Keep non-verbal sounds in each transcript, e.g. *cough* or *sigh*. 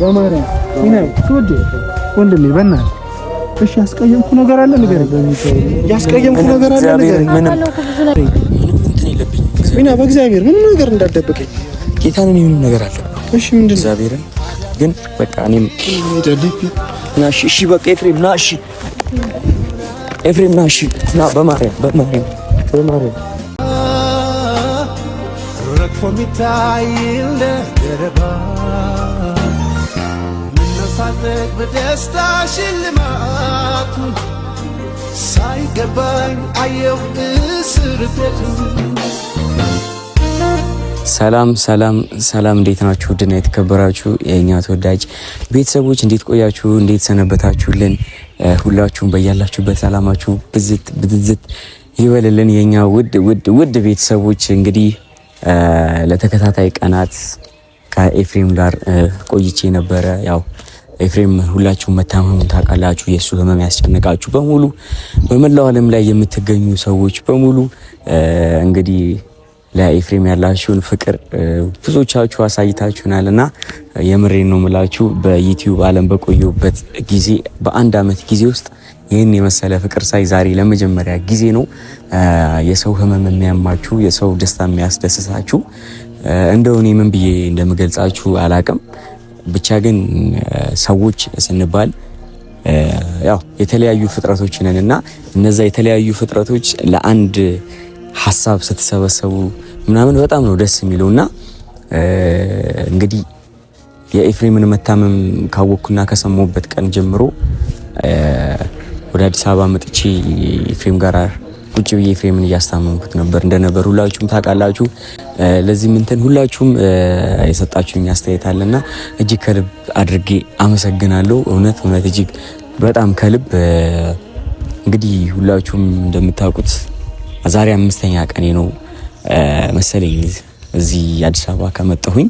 በማርያም ሲናይ ትወድ ወንድሜ በእናትህ እሺ፣ ያስቀየምኩ ነገር አለ ነገር ያስቀየምኩ ነገር አለ ነገር ምንም በእግዚአብሔር ምንም ነገር እንዳትደብቀኝ ጌታን ነው ምንም ነገር አለ። እሺ፣ ምንድን እግዚአብሔርን ግን በቃ እኔም እና እሺ፣ እሺ፣ በቃ ኤፍሬም ና፣ እሺ፣ ኤፍሬም ና፣ እሺ፣ ና፣ በማርያም በማርያም በማርያም ረግፎ የሚታይ ደረባ ሳሳነቅ በደስታ ሽልማቱ ሳይገባኝ አየው እስር ቤቱ። ሰላም ሰላም ሰላም፣ እንዴት ናችሁ? ውድና የተከበራችሁ የእኛ ተወዳጅ ቤተሰቦች እንዴት ቆያችሁ? እንዴት ሰነበታችሁልን? ሁላችሁም በያላችሁበት ሰላማችሁ ብዝት ብትዝት ይበልልን። የእኛ ውድ ውድ ውድ ቤተሰቦች እንግዲህ ለተከታታይ ቀናት ከኤፍሬም ጋር ቆይቼ ነበረ ያው ኤፍሬም ሁላችሁ መታመሙን ታውቃላችሁ። የእሱ ህመም ያስጨነቃችሁ በሙሉ በመላው ዓለም ላይ የምትገኙ ሰዎች በሙሉ እንግዲህ ለኤፍሬም ያላችሁን ፍቅር ብዙዎቻችሁ አሳይታችሁናል እና የምሬን ነው ምላችሁ በዩትዩብ ዓለም በቆዩበት ጊዜ በአንድ አመት ጊዜ ውስጥ ይህን የመሰለ ፍቅር ሳይ ዛሬ ለመጀመሪያ ጊዜ ነው። የሰው ህመም የሚያማችሁ፣ የሰው ደስታ የሚያስደስታችሁ እንደው እኔ ምን ብዬ እንደምገልጻችሁ አላቅም። ብቻ ግን ሰዎች ስንባል ያው የተለያዩ ፍጥረቶች ነን እና እነዛ የተለያዩ ፍጥረቶች ለአንድ ሀሳብ ስትሰበሰቡ ምናምን በጣም ነው ደስ የሚለው እና እንግዲህ የኤፍሬምን መታመም ካወቅኩና ከሰማሁበት ቀን ጀምሮ ወደ አዲስ አበባ መጥቼ ኤፍሬም ጋር ቁጭ ብዬ ፍሬምን እያስታመምኩት ነበር እንደነበር ሁላችሁም ታውቃላችሁ። ለዚህም እንትን ሁላችሁም የሰጣችሁኝ አስተያየት አለና እጅግ ከልብ አድርጌ አመሰግናለሁ። እውነት እውነት እጅግ በጣም ከልብ እንግዲህ ሁላችሁም እንደምታውቁት ዛሬ አምስተኛ ቀኔ ነው መሰለኝ እዚህ አዲስ አበባ ከመጣሁኝ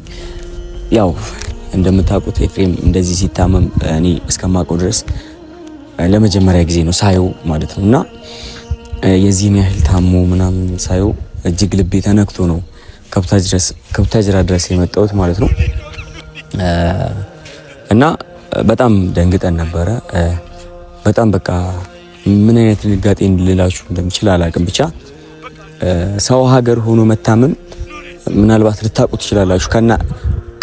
ያው እንደምታውቁት ኤፍሬም እንደዚህ ሲታመም እኔ እስከማውቀው ድረስ ለመጀመሪያ ጊዜ ነው ሳየው ማለት ነው እና የዚህን ያህል ታሞ ምናምን ሳየው እጅግ ልቤ ተነክቶ ነው ከቡታጅራ ድረስ የመጣሁት ማለት ነው። እና በጣም ደንግጠን ነበረ። በጣም በቃ ምን አይነት ድንጋጤ ልላችሁ እንደምችል አላቅም። ብቻ ሰው ሀገር ሆኖ መታመም ምናልባት ልታውቁ ትችላላችሁ።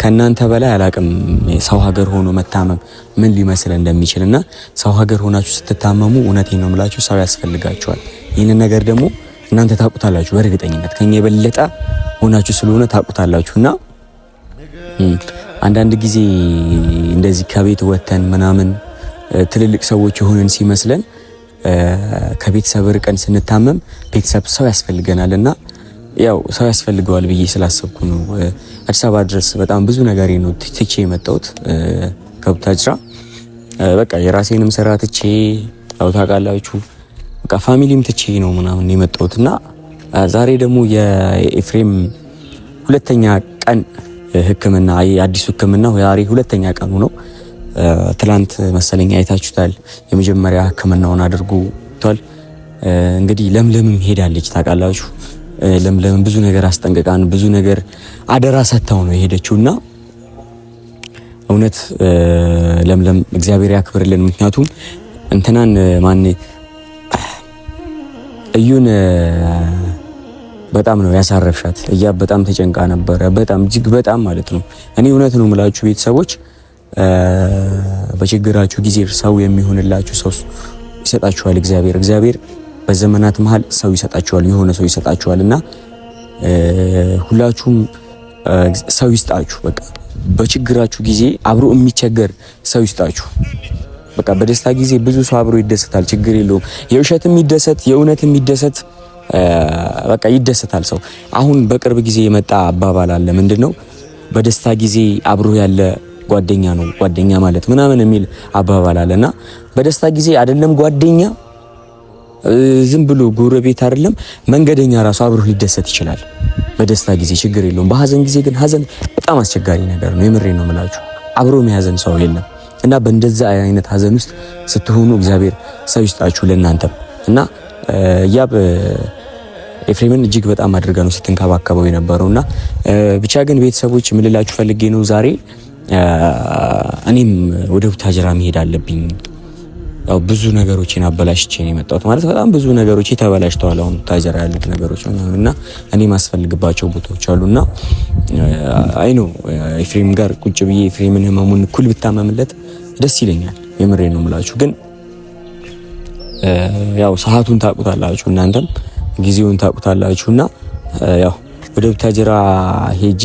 ከእናንተ በላይ አላቅም ሰው ሀገር ሆኖ መታመም ምን ሊመስል እንደሚችል እና ሰው ሀገር ሆናችሁ ስትታመሙ እውነቴ ነው የምላችሁ ሰው ያስፈልጋችኋል። ይህንን ነገር ደግሞ እናንተ ታውቁታላችሁ በእርግጠኝነት ከኛ የበለጠ ሆናችሁ ስለሆነ ታውቁታላችሁ። እና አንዳንድ ጊዜ እንደዚህ ከቤት ወተን ምናምን ትልልቅ ሰዎች የሆንን ሲመስለን ከቤተሰብ ርቀን ስንታመም ቤተሰብ ሰው ያስፈልገናል እና ያው ሰው ያስፈልገዋል ብዬ ስላሰብኩ ነው። አዲስ አበባ ድረስ በጣም ብዙ ነገር ነው ትቼ የመጣሁት ከቡታጅራ በቃ የራሴንም ስራ ትቼ ያው ታውቃላችሁ በቃ ፋሚሊም ትቼ ነው ምናምን የመጣሁት እና ዛሬ ደግሞ የኤፍሬም ሁለተኛ ቀን ህክምና የአዲሱ ህክምና ዛሬ ሁለተኛ ቀኑ ነው። ትላንት መሰለኝ አይታችሁታል። የመጀመሪያ ህክምናውን አድርጎቷል። እንግዲህ ለምለምም ሄዳለች ታውቃላችሁ። ለምለምም ብዙ ነገር አስጠንቅቃን ብዙ ነገር አደራ ሰጥታው ነው የሄደችው እና እውነት ለምለም እግዚአብሔር ያክብርልን። ምክንያቱም እንትናን ማን እዩን በጣም ነው ያሳረፍሻት። እያ በጣም ተጨንቃ ነበረ። በጣም እጅግ በጣም ማለት ነው። እኔ እውነት ነው የምላችሁ ቤተሰቦች፣ በችግራችሁ ጊዜ ሰው የሚሆንላችሁ ሰው ይሰጣችኋል እግዚአብሔር። እግዚአብሔር በዘመናት መሀል ሰው ይሰጣችኋል፣ የሆነ ሰው ይሰጣችኋል። እና ሁላችሁም ሰው ይስጣችሁ። በቃ በችግራችሁ ጊዜ አብሮ የሚቸገር ሰው ይስጣችሁ። በቃ በደስታ ጊዜ ብዙ ሰው አብሮ ይደሰታል። ችግር የለውም። የውሸት የሚደሰት የእውነት የሚደሰት በቃ ይደሰታል ሰው። አሁን በቅርብ ጊዜ የመጣ አባባል አለ። ምንድን ነው? በደስታ ጊዜ አብሮ ያለ ጓደኛ ነው ጓደኛ ማለት ምናምን የሚል አባባል አለ እና በደስታ ጊዜ አይደለም ጓደኛ ዝም ብሎ ጎረቤት አይደለም መንገደኛ ራሱ አብሮ ሊደሰት ይችላል። በደስታ ጊዜ ችግር የለውም። በሀዘን ጊዜ ግን ሀዘን በጣም አስቸጋሪ ነገር ነው። የምሬ ነው የምላችሁ። አብሮ የሚያዘን ሰው የለም። እና በእንደዛ አይነት ሀዘን ውስጥ ስትሆኑ እግዚአብሔር ሰው ይስጣችሁ ለእናንተም እና ያብ ኤፍሬምን እጅግ በጣም አድርጋ ነው ስትንከባከበው የነበረው እና ብቻ ግን ቤተሰቦች የምልላችሁ ፈልጌ ነው ዛሬ እኔም ወደ ቡታጅራ መሄድ አለብኝ ያው ብዙ ነገሮችን አበላሽቼ ነው የመጣሁት። ማለት በጣም ብዙ ነገሮች ተበላሽተዋል። አሁን ታጀራ ያሉት ነገሮች እና እኔ ማስፈልግባቸው ቦታዎች አሉና አይ ነው ኤፍሬም ጋር ቁጭ ብዬ ኤፍሬምን ህመሙን እኩል ብታመምለት ደስ ይለኛል። የምሬ ነው የምላችሁ። ግን ያው ሰዓቱን ታቁታላችሁ፣ እናንተም ጊዜውን ታቁታላችሁና ያው ወደ ቡታጀራ ሄጄ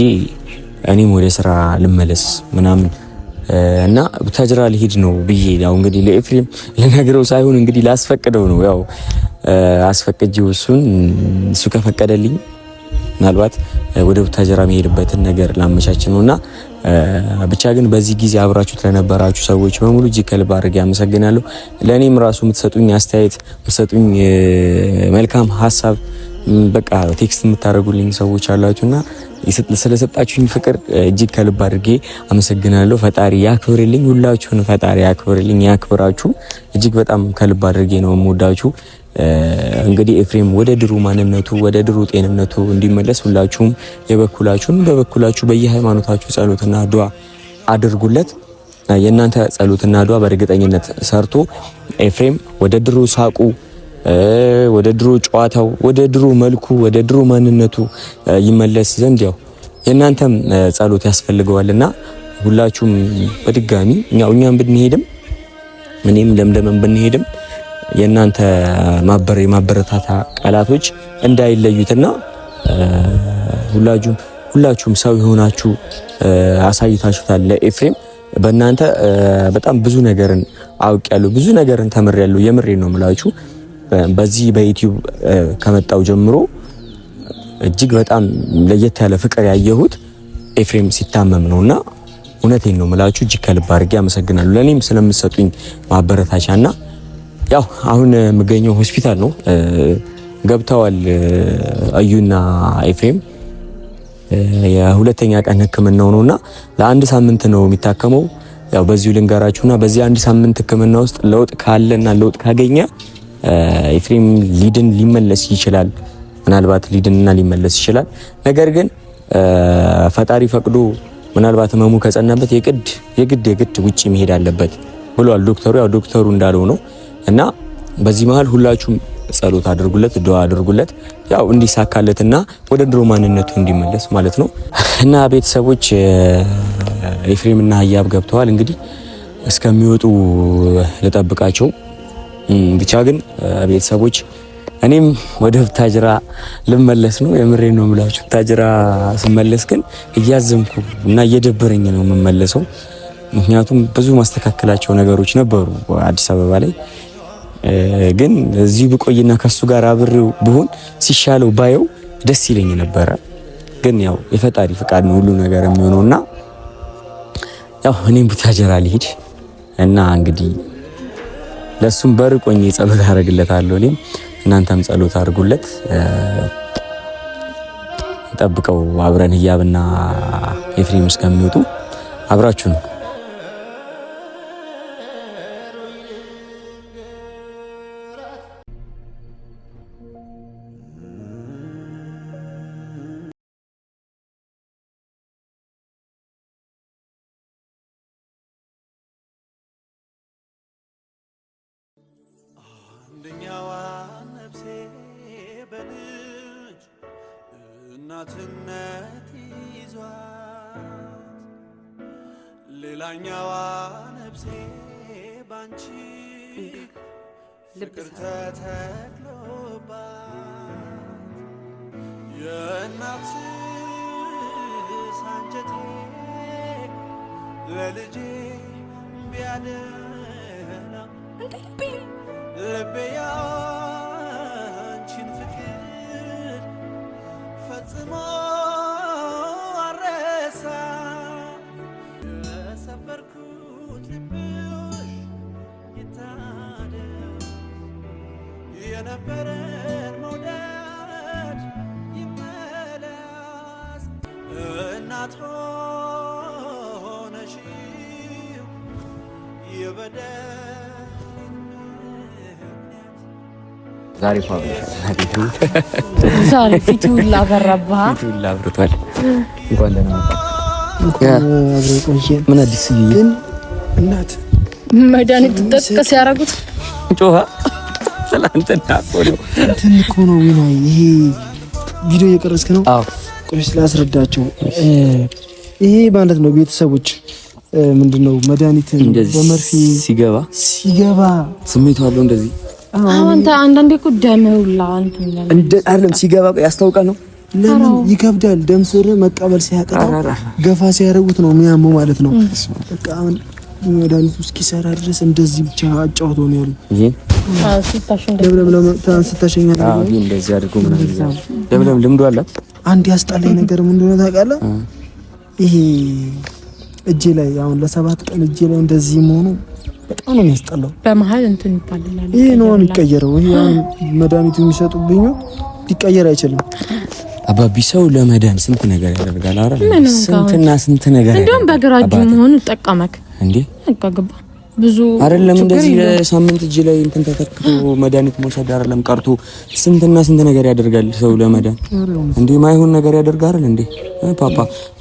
እኔም ወደ ስራ ልመለስ ምናምን እና ተጅራ ሊሄድ ነው ብዬ ያው እንግዲህ ለኤፍሬም ልነግረው ሳይሆን እንግዲህ ላስፈቅደው ነው ያው አስፈቅጂው እሱን እሱ ከፈቀደልኝ ምናልባት ወደ ቡታጀራ የሚሄድበትን ነገር ላመቻች ነው እና ብቻ ግን በዚህ ጊዜ አብራችሁ ለነበራችሁ ሰዎች በሙሉ እጅግ ከልብ አድርጌ አመሰግናለሁ። ለእኔም ራሱ የምትሰጡኝ አስተያየት፣ የምትሰጡኝ መልካም ሀሳብ በቃ ቴክስት የምታደርጉልኝ ሰዎች አላችሁና ስለሰጣችሁኝ ፍቅር እጅግ ከልብ አድርጌ አመሰግናለሁ። ፈጣሪ ያክብርልኝ፣ ሁላችሁን ፈጣሪ ያክብርልኝ፣ ያክብራችሁ። እጅግ በጣም ከልብ አድርጌ ነው የምወዳችሁ። እንግዲህ ኤፍሬም ወደ ድሩ ማንነቱ ወደ ድሩ ጤንነቱ እንዲመለስ ሁላችሁም የበኩላችሁን በበኩላችሁ በየሃይማኖታችሁ ጸሎትና ዱዓ አድርጉለት። የእናንተ ጸሎትና ዱዓ በእርግጠኝነት ሰርቶ ኤፍሬም ወደ ድሩ ሳቁ ወደ ድሮ ጨዋታው፣ ወደ ድሮ መልኩ፣ ወደ ድሮ ማንነቱ ይመለስ ዘንድ ያው የእናንተም ጸሎት ያስፈልገዋልና ሁላችሁም በድጋሚ እኛው እኛም ብንሄድም እኔም ለምለምን ብንሄድም የእናንተ ማበር የማበረታታ ቃላቶች እንዳይለዩትና ሁላችሁም ሁላችሁም ሰው የሆናችሁ አሳይታችሁታል። ለኤፍሬም በእናንተ በጣም ብዙ ነገርን አውቅ ያለሁ ብዙ ነገርን ተምር ያለሁ የምሬ ነው ምላችሁ በዚህ በዩቲዩብ ከመጣው ጀምሮ እጅግ በጣም ለየት ያለ ፍቅር ያየሁት ኤፍሬም ሲታመም ነውና እውነቴን ነው ምላችሁ እጅግ ከልብ አድርጌ አመሰግናለሁ። ለእኔም ስለምሰጡኝ ማበረታቻና ያው አሁን የምገኘው ሆስፒታል ነው። ገብተዋል እዩና ኤፍሬም የሁለተኛ ቀን ነው ነውና ለአንድ ሳምንት ነው የሚታከመው። ያው በዚሁ ልንገራችሁና በዚህ አንድ ሳምንት ህክምና ውስጥ ለውጥ ካለና ለውጥ ካገኘ ኤፍሬም ሊድን ሊመለስ ይችላል፣ ምናልባት ሊድንና ሊመለስ ይችላል። ነገር ግን ፈጣሪ ፈቅዶ ምናልባት ህመሙ ከጸናበት የግድ የግድ የግድ ውጭ መሄድ አለበት ብሏል ዶክተሩ። ያው ዶክተሩ እንዳለው ነው እና በዚህ መሀል ሁላችሁም ጸሎት አድርጉለት፣ ዱአ አድርጉለት ያው እንዲሳካለትና ወደ ድሮ ማንነቱ እንዲመለስ ማለት ነው። እና ቤተሰቦች ኤፍሬምና ህያብ ገብተዋል። እንግዲህ እስከሚወጡ ልጠብቃቸው ብቻ ግን ቤተሰቦች እኔም ወደ ብታጅራ ልመለስ ነው። የምሬ ነው የምላችሁ። ብታጅራ ስመለስ ግን እያዘንኩ እና እየደበረኝ ነው የምመለሰው። ምክንያቱም ብዙ ማስተካከላቸው ነገሮች ነበሩ አዲስ አበባ ላይ። ግን እዚሁ ብቆይና ከሱ ጋር አብሬው ብሆን ሲሻለው ባየው ደስ ይለኝ ነበረ። ግን ያው የፈጣሪ ፍቃድ ነው ሁሉ ነገር የሚሆነው እና ያው እኔም ብታጀራ ልሂድ እና እንግዲህ ለእሱም በርቆኝ ጸሎት አደርግለታለሁ። እኔም እናንተም ጸሎት አድርጉለት፣ ጠብቀው አብረን ህያብና ኤፍሬም እስከሚወጡ አብራችሁ ነው። ለእናትስ አንጀቴ ለልጄ ቢያደላ ልቤ ዛሬ ፋብሪካ ብለሻል። ዛሬ ፊቱ ሁላ ፊቱ ሁላ አብርቷል። እንኳን ደህና መጣህ። ምን አዲስ ግን እናት መድኃኒት ጮኸ ትናንትና እኮ ነው እንትን እኮ ነው ይሄ ቪዲዮ እየቀረስክ ነው። ቆይ ስላስረዳቸው ይሄ ማለት ነው ቤተሰቦች ምንድን ነው በመርፌ ሲገባ ሲገባ ስሜቱ አለው እንደዚህ አንተ አንዳንዴ እኮ ደም ሁላ እንደ አይደለም ሲገባ ያስታውቃል ነው። ለምን ይከብዳል? ደም ስር መቀበል ሲያቀጣው ገፋ ሲያደርጉት ነው የሚያመው ማለት ነው። በቃ አሁን መድኃኒቱ እስኪሰራ ድረስ እንደዚህ ብቻ አጫውቶ ነው ያሉ። ለምለም ልምዱ አላት። አንድ ያስጠላኝ ነገር ምን እንደሆነ ታውቃለህ? ይሄ እጄ ላይ አሁን ለሰባት ቀን እጄ ላይ እንደዚህ መሆኑ በጣም ነው የሚያስጠላው። በመሀል እንትን ይባላል። ይሄ ነው የሚቀየረው። ይሄ መድኃኒቱ የሚሰጡብኝ ሊቀየር አይችልም። አባቢ ሰው ለመዳን ስንት ነገር ያደርጋል። አረ ስንትና ስንት ነገር እንደውም በግራ እጁ መሆኑ ጠቀመክ እንዴ? አጋግባ ብዙ አይደለም እንደዚህ ለሳምንት እጅ ላይ እንትን ተተክቶ መድኃኒት መውሰድ አይደለም ቀርቶ ስንትና ስንት ነገር ያደርጋል ሰው ለመዳን እንዴ? ማይሆን ነገር ያደርጋል እንዴ? ፓፓ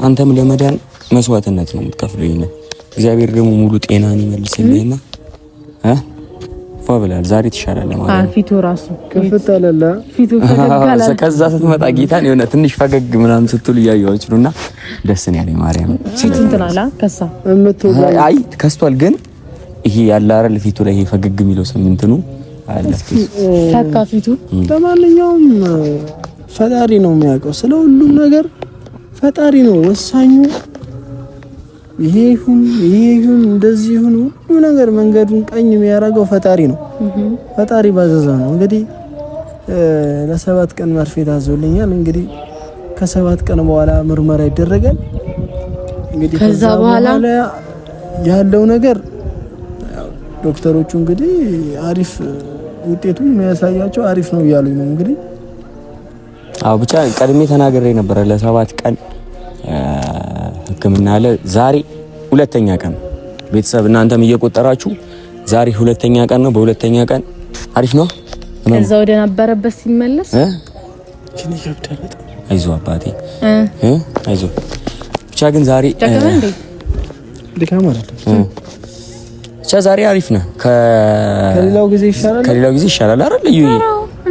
አንተም ለመዳን መስዋዕትነት ነው የምትከፍለው። እግዚአብሔር ደግሞ ሙሉ ጤናን ይመልስልኝና እ ፏ ብላል። ዛሬ ትሻላለህ ማለት ነው። ፊቱ ራሱ ከዛ ስትመጣ ጌታን የሆነ ትንሽ ፈገግ ምናምን ስትሉ እያየኋችሁ ነውና ደስ ነው ያለኝ። ማርያም ፊቱ እንትናላ ከሳ አይ ከስቷል፣ ግን ይሄ ያለ አይደል ፊቱ ላይ ይሄ ፈገግ የሚለው ስምንት ነው አለ ተካ ፊቱ። ለማንኛውም ፈጣሪ ነው የሚያውቀው ስለ ሁሉም ነገር ፈጣሪ ነው ወሳኙ ይሄ ይሁን ይሄ ይሁን እንደዚህ ይሁን ሁሉ ነገር መንገዱን ቀኝ የሚያደርገው ፈጣሪ ነው። ፈጣሪ ባዘዘው ነው። እንግዲህ ለሰባት ቀን መርፌ ታዞልኛል። እንግዲህ ከሰባት ቀን በኋላ ምርመራ ይደረጋል። እንግዲህ ከዛ በኋላ ያለው ነገር ዶክተሮቹ እንግዲህ አሪፍ ውጤቱ የሚያሳያቸው አሪፍ ነው እያሉኝ ነው። እንግዲህ አዎ ብቻ ቀድሜ ተናግሬ ነበረ ለሰባት ቀን ህክምና አለ። ዛሬ ሁለተኛ ቀን ቤተሰብ እናንተም እየቆጠራችሁ ዛሬ ሁለተኛ ቀን ነው። በሁለተኛ ቀን አሪፍ ነው። ከዛ ወደ ነበረበት ሲመለስ ግን ይከብዳል። አይዞ አባቴ እ አይዞ። ብቻ ግን ዛሬ ብቻ ዛሬ አሪፍ ነው። ከሌላው ጊዜ ይሻላል። ከሌላው ጊዜ ይሻላል አይደል? እዩ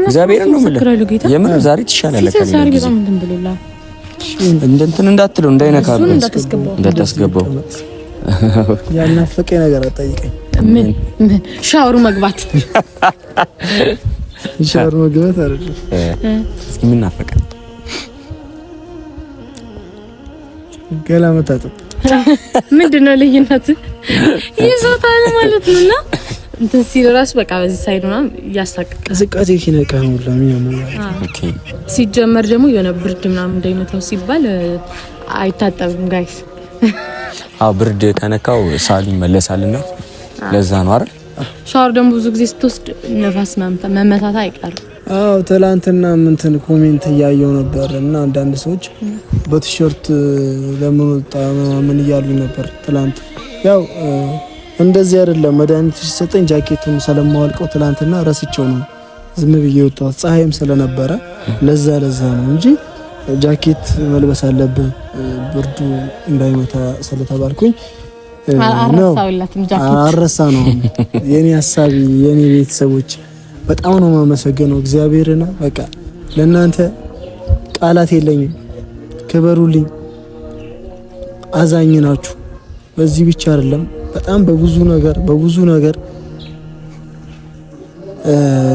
እግዚአብሔርን ነው የምልህ። የምር ዛሬ ትሻላለህ ከሌላው ጊዜ እንደ እንትን እንዳትለው እንዳይነካሉ እንዳታስገባው ያናፈቀ ነገር አጠይቀኝ። ምን ምን ሻወሩ መግባት ሻወሩ መግባት አይደለም። እስኪ ምን ናፈቀ? ገላ መታጠብ ምንድን ነው ልዩነት ይዞታል ማለት ነውና እንትን ሲል ራሱ በቃ በዚህ ሳይድ ምናምን እያሳቀቀ ቅዝቃዜ ሲነቃ ነው ሲጀመር ደግሞ የሆነ ብርድ ምናምን እንዳይመታው ሲባል አይታጠብም ጋይስ። አዎ ብርድ ከነካው ሳል ይመለሳልና ለዛ ነው አይደል። ሻወር ደግሞ ብዙ ጊዜ ስትወስድ ነፋስ መመታት አይቀርም። አዎ ትላንትና ምንትን ኮሜንት እያየው ነበር እና አንዳንድ ሰዎች በቲሸርት ለምን ወጣ ምናምን እያሉ ነበር ትላንት ያው እንደዚህ አይደለም። መድኃኒቱ ሲሰጠኝ ጃኬቱን ስለማወልቀው ትላንትና ረስቸው ነው ዝም ብዬ ወጣሁት። ፀሐይም ስለነበረ ለዛ ለዛ ነው እንጂ ጃኬት መልበስ አለብህ ብርዱ እንዳይመታ ስለተባልኩኝ ነው። አረሳ ነው የኔ ሀሳቢ። የኔ ቤተሰቦች በጣም ነው የማመሰግነው እግዚአብሔርና በቃ ለእናንተ ቃላት የለኝም። ክበሩልኝ። አዛኝ ናችሁ። በዚህ ብቻ አይደለም በጣም በብዙ ነገር በብዙ ነገር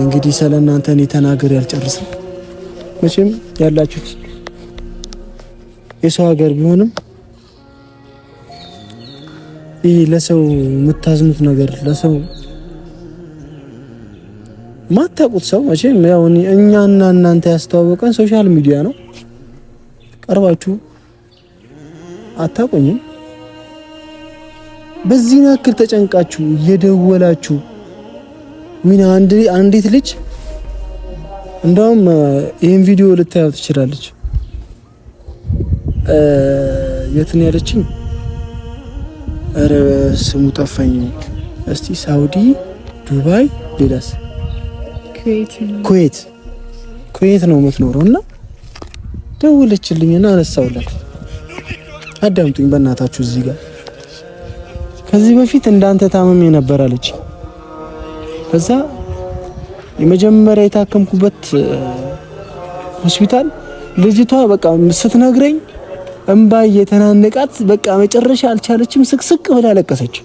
እንግዲህ ስለ እናንተ እኔ ተናገር ያልጨርስም። መቼም ያላችሁት የሰው ሀገር ቢሆንም ይህ ለሰው የምታዝኑት ነገር ለሰው ማታውቁት ሰው መቼም ያው እኛና እናንተ ያስተዋወቀን ሶሻል ሚዲያ ነው። ቀርባችሁ አታቁኝም? በዚህ ያክል ተጨንቃችሁ እየደወላችሁ ምን አንድ አንዲት ልጅ እንደውም ይህን ቪዲዮ ልታያው ትችላለች። የት ነው ያለችኝ? ኧረ ስሙ ጠፋኝ። እስቲ ሳውዲ፣ ዱባይ፣ ሌላስ ኩዌት ኩዌት ነው የምትኖረው እና ደወለችልኝና አነሳውላት። አዳምጡኝ በእናታችሁ እዚህ ጋር ከዚህ በፊት እንዳንተ ታመም የነበረ አለች። ከዛ የመጀመሪያ የታከምኩበት ሆስፒታል ልጅቷ በቃ ስትነግረኝ እምባ የተናነቃት በቃ መጨረሻ አልቻለችም። ስቅስቅ ብላ ለቀሰች።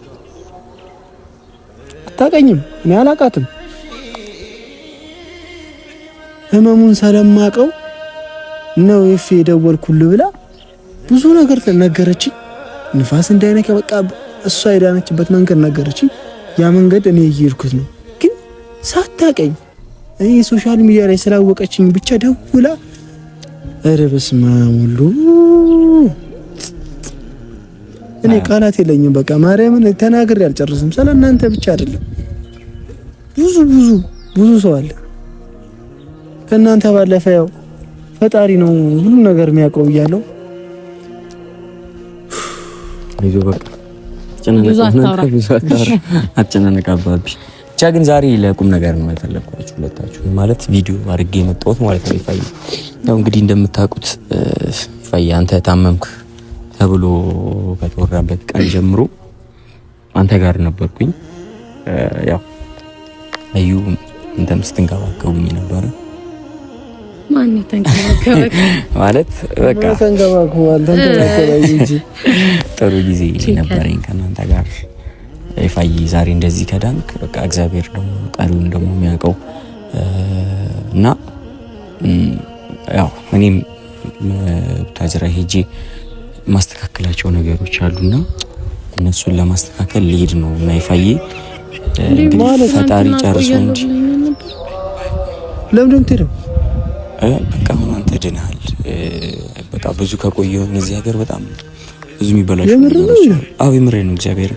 አታቀኝም፣ እኔ አላቃትም። ህመሙን ሰለማቀው ነው ይፌ የደወልኩልህ ብላ ብዙ ነገር ነገረችኝ። ንፋስ እንዳይነካ በቃ እሷ የዳነችበት መንገድ ነገረችኝ። ያ መንገድ እኔ እየሄድኩት ነው፣ ግን ሳታቀኝ እኔ ሶሻል ሚዲያ ላይ ስላወቀችኝ ብቻ ደውላ ኧረ በስመ አብ ሁሉ እኔ ቃላት የለኝም። በቃ ማርያምን ተናግሬ አልጨርስም። ስለ እናንተ ብቻ አይደለም፣ ብዙ ብዙ ብዙ ሰው አለ ከእናንተ ባለፈ ያው ፈጣሪ ነው ሁሉ ነገር የሚያውቀው እያለው ይዞ በቃ አጨናነቃባብሽ። *laughs* ብቻ ግን ዛሬ ለቁም ነገር ነው የፈለግኳችሁ ሁለታችሁ ማለት ቪዲዮ አድርጌ የመጣሁት ማለት ነው። ይፋይ ያው እንግዲህ እንደምታውቁት ይፋዬ አንተ ታመምክ ተብሎ ከተወራበት ቀን ጀምሮ አንተ ጋር ነበርኩኝ። ያው እዩ እንተም ስትንከባከቡኝ ነበረ *laughs* ማለት በቃ ጥሩ ጊዜ ነበረኝ ከእናንተ ጋር ይፋይ። ዛሬ እንደዚህ ከዳንክ በቃ እግዚአብሔር ደግሞ ቀሪውን ደግሞ የሚያውቀው እና ያው እኔም ታጅራ ሄጄ ማስተካከላቸው ነገሮች አሉና እነሱን ለማስተካከል ሊሄድ ነው እና ይፋዬ እንግዲህ ፈጣሪ ጨርሶ እንጂ ለምንድን ነው በቃ አሁን አንተ ድናሃል። በቃ ብዙ ከቆየሁኝ እዚህ ሀገር በጣም ብዙ የሚበላሹ አዎ፣ የምሬ ነው እግዚአብሔር።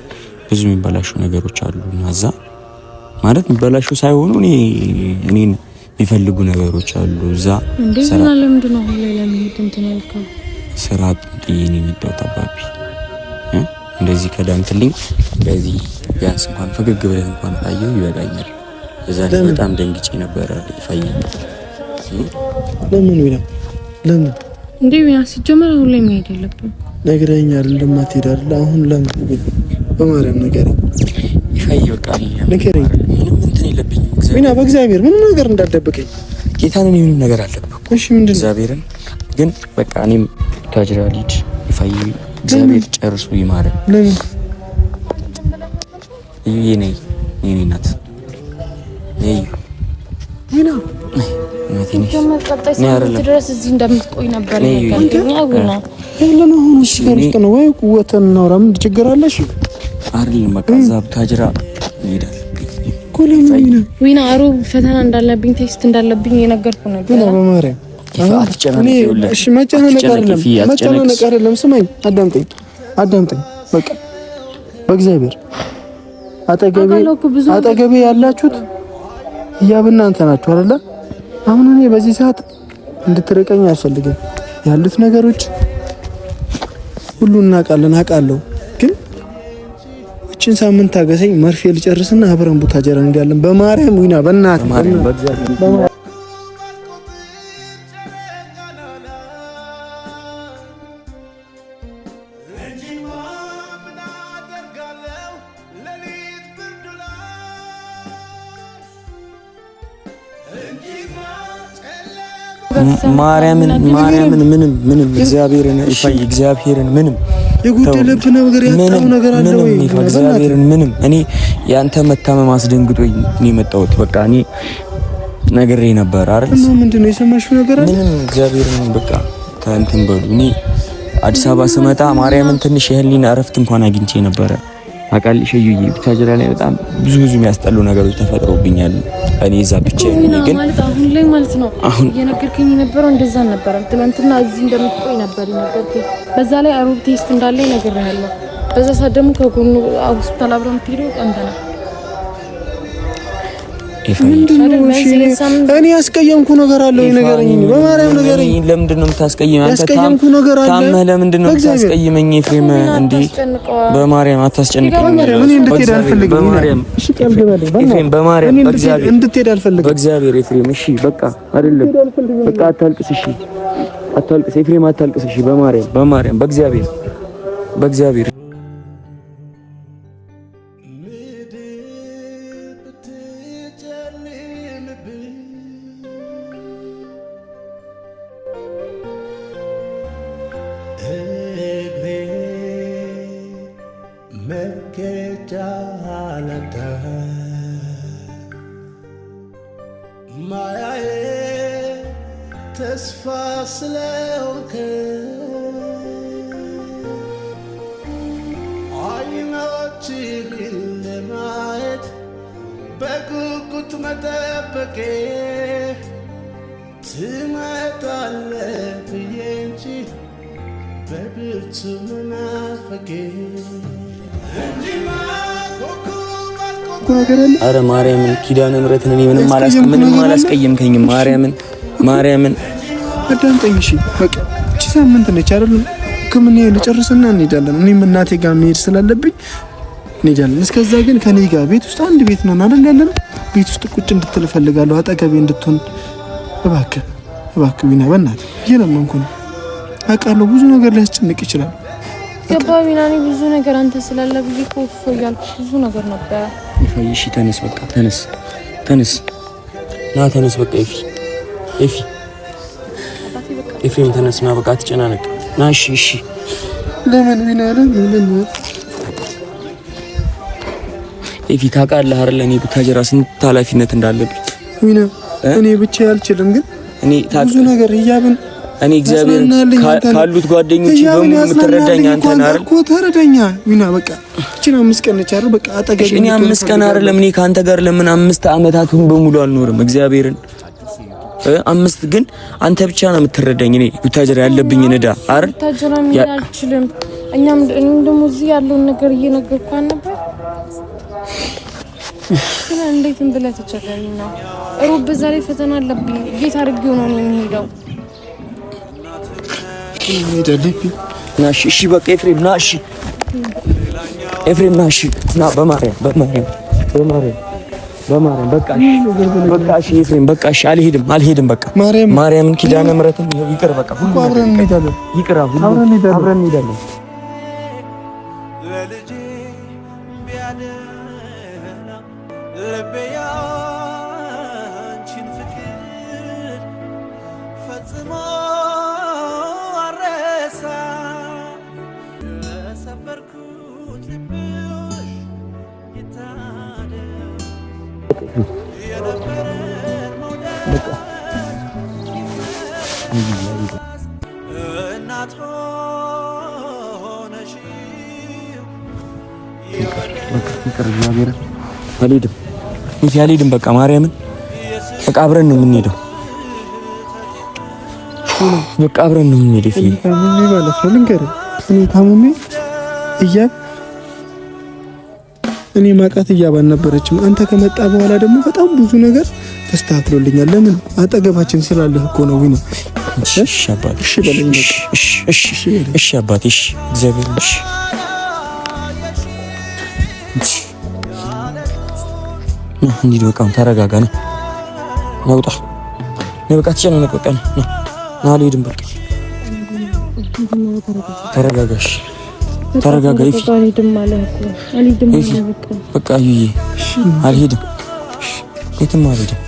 ብዙ የሚበላሹ ነገሮች አሉ እና እዛ ማለት የሚበላሹ ሳይሆኑ እኔ እኔን የሚፈልጉ ነገሮች አሉ እዛ ስራ ጥዬ ነው የመጣሁት። አባቢ እንደዚህ ከዳምትልኝ በዚህ ቢያንስ እንኳን ፈገግ ብለህ እንኳን ታየው ይበቃኛል። እዛ በጣም ደንግጬ ነበረ ይፋየ ለምን ቢና ለምን እንዴ ቢና ሲጀመር አሁን ላይ መሄድ የለብን ነግረኛል እንደማትሄድ አይደል አሁን ለምን በማርያም ንገረኝ ይፋይ በቃ ንገረኝ እንትን የለብኝም ቢና በእግዚአብሔር ምንም ነገር እንዳልደብቀኝ ጌታንን የምንም ነገር አለብህ እሺ ምንድን እግዚአብሔርን ግን በቃ እኔም ታጅራ ልጅ ይፋይ እግዚአብሔር ጨርሱ ይማረ ለምን ይኔ ይኔ ናት ይዩ ይና እንደምትቆይ ነበር ነው ወይ? ቴስት እንዳለብኝ የነገርኩ ነበር። በማርያም መጨናነቅ በእግዚአብሔር አጠገቤ አጠገቤ ያላችሁት ህያብና አንተ ናችሁ አይደለ? አሁን እኔ በዚህ ሰዓት እንድትርቀኝ አልፈልግም። ያሉት ነገሮች ሁሉ እናውቃለን፣ አውቃለሁ። ግን እችን ሳምንት ታገሰኝ፣ መርፌ ልጨርስና አብረን ቡታጀራ እንሄዳለን። በማርያም ዊና በእናትህ ማርያምን ማርያምን ምንም ምንም እግዚአብሔርን እሺ እግዚአብሔርን ምንም የጎደለብህ ነገር ያጣው ነገር አለ ወይ? እግዚአብሔርን ምንም እኔ ያንተ መታመም አስደንግጦኝ ነው የመጣሁት። በቃ እኔ ነግሬ ነበር አይደል? ምንድን ነው የሰማሽው ነገር አለ? ምንም እግዚአብሔርን በቃ ከእንትን በሉ እኔ አዲስ አበባ ስመጣ ማርያምን ትንሽ የህሊና እረፍት እንኳን አግኝቼ ነበረ። አቃል እዩዬ ብቻ ጀራ ላይ በጣም ብዙ ብዙ የሚያስጠሉ ነገሮች ተፈጥረውብኛል። እኔ እዛ ብቻዬን ግን ላይ ማለት ነው አሁን እየነገርከኝ የነበረው እንደዛ አልነበረም። ትናንትና እዚህ እንደምትቆይ ነበር የነገርከኝ። በዛ ላይ አሮብ ቴስት እንዳለ ይነግርሃለሁ። በዛ ሰዓት ደግሞ ከጎኑ ሆስፒታል አብረን የምትሄደው አንተ ነህ። እኔ ያስቀየምኩ ነገር አለ ወይ? ንገረኝ፣ በማርያም ንገረኝ። ለምንድን ነው የምታስቀይመኝ? ያስቀየምኩ ነገር አለ ታመህ? ለምንድን ነው የምታስቀይመኝ? ኤፍሬም በማርያም እንድትሄድ አልፈልግም። በእግዚአብሔር ኤፍሬም፣ እሺ በቃ አይደለም፣ በቃ አታልቅስ፣ እሺ አታልቅስ፣ ኤፍሬም አታልቅስ፣ እሺ በማርያም በማርያም፣ በእግዚአብሔር በእግዚአብሔር መጠበቄ ትመጣለህ ብዬ እንጂ በብርቱ መናፈቄ አረ ማርያምን ኪዳነ ምሕረትን እኔ ምንም አላስቀ ምንም አላስቀየምከኝም። ማርያምን ማርያምን አዳምጠኝ እሺ። በቃ እቺ ሳምንት ነች አይደል? አይደለም ከምንሄድ ጨርስና እንሄዳለን። እኔም እናቴ ጋር መሄድ ስላለብኝ እንሄዳለን። እስከዛ ግን ከኔ ጋር ቤት ውስጥ አንድ ቤት ነን አይደል ያለነው ቤት ውስጥ ቁጭ እንድትል እፈልጋለሁ። አጠገቤ እንድትሆን እባክህ፣ እባክህ ዊና፣ በእናትህ እየለመንኩ ነው። አውቃለሁ ብዙ ነገር ሊያስጨንቅ ይችላል። ገባ ዊና፣ እኔ ብዙ ነገር አንተ ስላለ ብዬ ኮፎ እያልኩ ብዙ ነገር ነበረ። ይፋይሽ፣ ተነስ፣ በቃ ተነስ፣ ተነስ፣ ና ተነስ፣ በቃ ኤፊ፣ ኤፊ፣ ኤፍሬም ተነስ፣ ና በቃ ትጨናነቅ፣ ና እሺ፣ እሺ። ለምን ቢና፣ ለምን ለምን ኤፊ ታውቃለህ አይደል? እኔ ብታጀራ ስንት ኃላፊነት እንዳለብኝ ሚና እኔ ብቻ አልችልም፣ ግን እኔ ብዙ ነገር ህያብን እኔ እግዚአብሔር ካሉት ጓደኞች በሙሉ የምትረዳኝ አንተ ናር እኮ ተረዳኛ። ዊና በቃ እቺን አምስት ቀን ነች አይደል? በቃ አጠገብ እኔ አምስት ቀን አይደለም እኔ ከአንተ ጋር ለምን አምስት አመታቱን በሙሉ አልኖርም። እግዚአብሔርን አምስት ግን አንተ ብቻ ነው የምትረዳኝ። እኔ ብታጀራ ያለብኝ እዳ አይደል? ብታጀራ ምን አልችልም። እኛም ደግሞ እዚህ ያለውን ነገር እየነገርኩህ ነበር ግን እንዴት እንብለ ተቸገርና ሩብ ሮብ። በዛ ላይ ፈተና አለብኝ። ጌታ አድርጌው ነው የሚሄደው። እሺ በቃ ኤፍሬም ና፣ እሺ ኤፍሬም ና፣ እሺ ና፣ በማርያም በማርያም በማርያም በማርያም በቃ በቃ እሺ ኤፍሬም በቃ እሺ፣ አልሄድም አልሄድም በቃ ማርያም ማርያምን ኪዳነ ምሕረትን ይቅር በቃ ሁሉ ይቅር አብረን እንሄዳለን። አልሄድም ቤት አልሄድም። በቃ ማርያምን በቃ አብረን ነው የምንሄደው። በቃ አብረን ነው የምንሄደው። ታምሜ እያል እኔ ማቃት እያባን ነበረችም። አንተ ከመጣ በኋላ ደግሞ በጣም ብዙ ነገር ተስተካክሎልኛል። ለምን አጠገባችን ስላለህ እኮ ነው። ዊና እሺ አባቴ፣ እሺ እሺ እሺ እሺ እግዚአብሔር፣ እሺ እንሂድ። በቃ ተረጋጋ ነው ነውጣ ነው። በቃ ተጨናነቅ። በቃ ነው ነው አልሄድም። በቃ ተረጋጋሽ ተረጋጋ። ይፊ በቃ ይዬ አልሄድም፣ የትም አልሄድም።